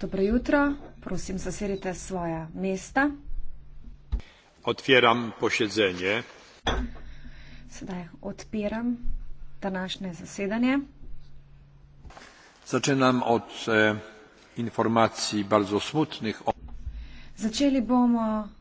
Dobro jutro, prosim, zasedite svoja mesta. Odpiram posedanje. Sedaj odpiram današnje zasedanje. Začenjam od eh, informacij, zelo smutnih. Začeli bomo